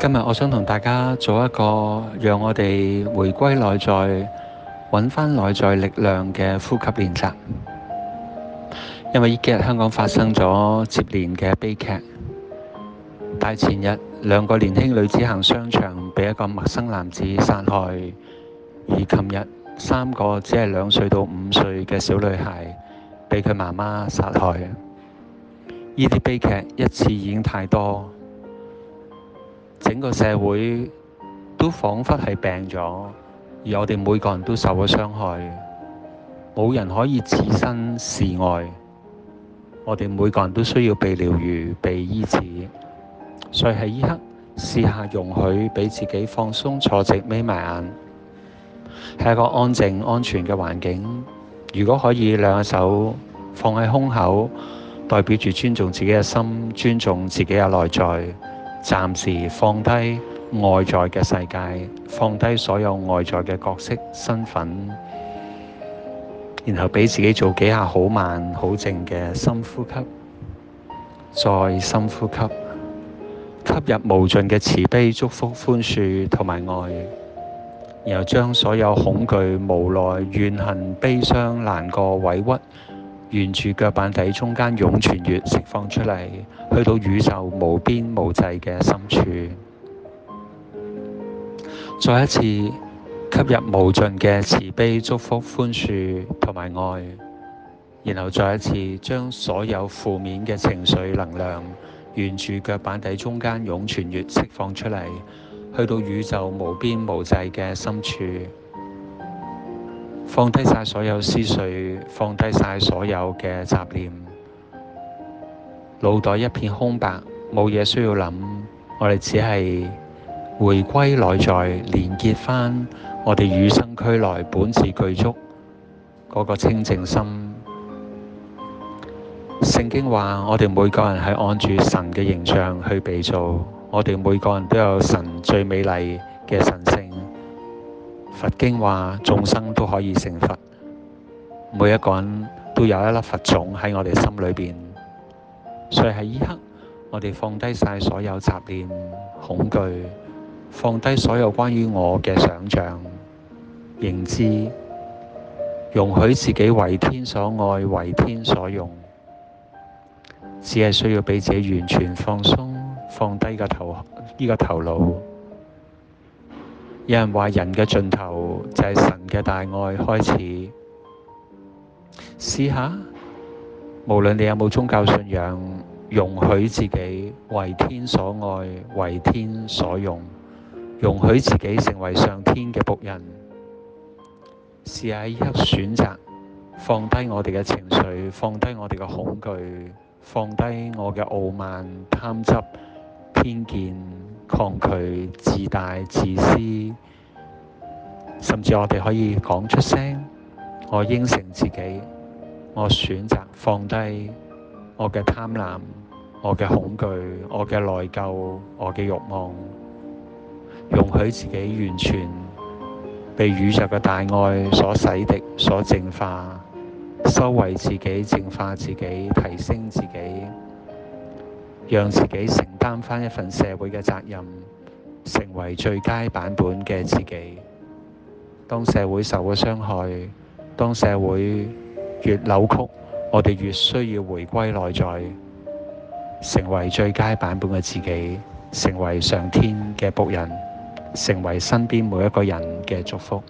今日我想同大家做一個讓我哋回歸內在，揾翻內在力量嘅呼吸練習。因為呢幾日香港發生咗接連嘅悲劇，大前日兩個年輕女子行商場被一個陌生男子殺害，而琴日三個只係兩歲到五歲嘅小女孩被佢媽媽殺害。呢啲悲劇一次已經太多。整個社會都彷彿係病咗，而我哋每個人都受咗傷害，冇人可以置身事外。我哋每個人都需要被療癒、被醫治。所以喺呢刻試下容許俾自己放鬆坐直，眯埋眼，係一個安靜、安全嘅環境。如果可以，兩手放喺胸口，代表住尊重自己嘅心，尊重自己嘅內在。暫時放低外在嘅世界，放低所有外在嘅角色身份，然後俾自己做幾下好慢、好靜嘅深呼吸，再深呼吸，吸入無盡嘅慈悲、祝福、寬恕同埋愛，然後將所有恐懼、無奈、怨恨、悲傷、難過、委屈，沿住腳板底中間湧泉穴釋放出嚟，去到宇宙無邊無際嘅深處。再一次吸入無盡嘅慈悲、祝福、寬恕同埋愛，然後再一次將所有負面嘅情緒能量沿住腳板底中間湧泉穴釋放出嚟，去到宇宙無邊無際嘅深處。放低晒所有思緒，放低晒所有嘅雜念，腦袋一片空白，冇嘢需要諗。我哋只係回歸內在，連結返我哋與生俱來本自具足個清淨心。聖經話：我哋每個人係按住神嘅形象去被造，我哋每個人都有神最美麗嘅神。佛經話，眾生都可以成佛，每一個人都有一粒佛種喺我哋心裏邊，所以喺呢刻，我哋放低晒所有雜念恐懼，放低所有關於我嘅想象認知，容許自己為天所愛，為天所用，只係需要俾自己完全放鬆，放低個頭呢個頭腦。有人話：人嘅盡頭就係神嘅大愛開始。試下，無論你有冇宗教信仰，容許自己為天所愛，為天所用，容許自己成為上天嘅僕人。試下一刻選擇放低我哋嘅情緒，放低我哋嘅恐懼，放低我嘅傲慢、貪執、偏見。抗拒、自大、自私，甚至我哋可以講出聲。我應承自己，我選擇放低我嘅貪婪、我嘅恐懼、我嘅內疚、我嘅慾望，容許自己完全被宇宙嘅大愛所洗滌、所淨化，收為自己、淨化自己、提升自己。讓自己承擔翻一份社會嘅責任，成為最佳版本嘅自己。當社會受咗傷害，當社會越扭曲，我哋越需要回歸內在，成為最佳版本嘅自己，成為上天嘅僕人，成為身邊每一個人嘅祝福。